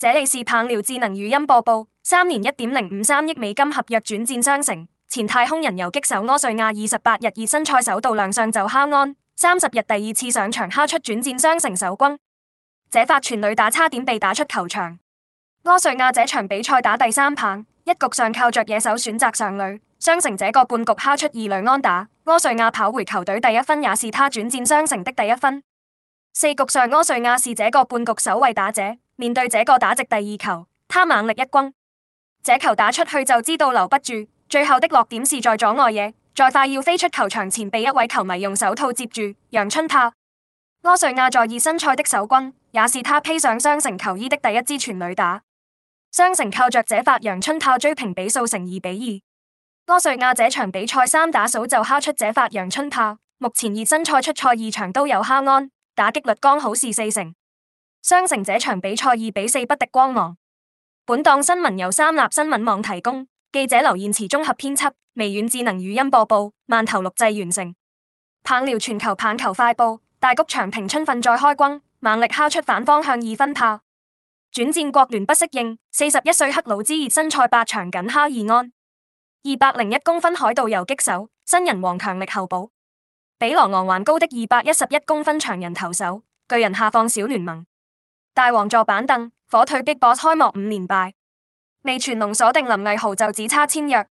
這裏是棒聊智能語音播報，三年一點零五三億美金合約轉戰雙城，前太空人游擊手柯瑞亞二十八日熱身賽首度亮相就敲安，三十日第二次上場敲出轉戰雙城首轟，這發全壘打差點被打出球場。柯瑞亞這場比賽打第三棒，一局上靠着野手選擇上壘，雙城這個半局敲出二壘安打，柯瑞亞跑回球隊第一分，也是他轉戰雙城的第一分。四局上，柯瑞亞是這個半局首位打者，面對這個打直第二球，他猛力一轟，這球打出去就知道留不住。最後的落點是在左外野，在快要飛出球場前，被一位球迷用手套接住，陽春炮。柯瑞亞在熱身賽的首轟，也是他披上雙城球衣的第一支全壘打。雙城靠着這發陽春炮追平比數成二比二。柯瑞亞這場比賽三打數就敲出這發陽春炮，目前熱身賽出賽二場都有敲安。打擊率剛好是四成，雙城這場比賽二比四不敵光芒。本檔新聞由三立新聞網提供，記者劉彥慈綜合編輯，微軟智能語音播報，饅頭錄製完成。棒聊全球棒球快報，大谷翔平春訓再開轟，猛力敲出反方向二分炮，轉戰國聯不適應，四十一歲克魯茲熱身賽八場僅敲二安，二百零一公分海盜游擊手，新人王強力候補。比狼王還高的二百一十一公分長人投手，巨人下放小聯盟，大王坐板凳，火腿擊破開幕五連敗，未全龍鎖定林昱豪就只差簽約。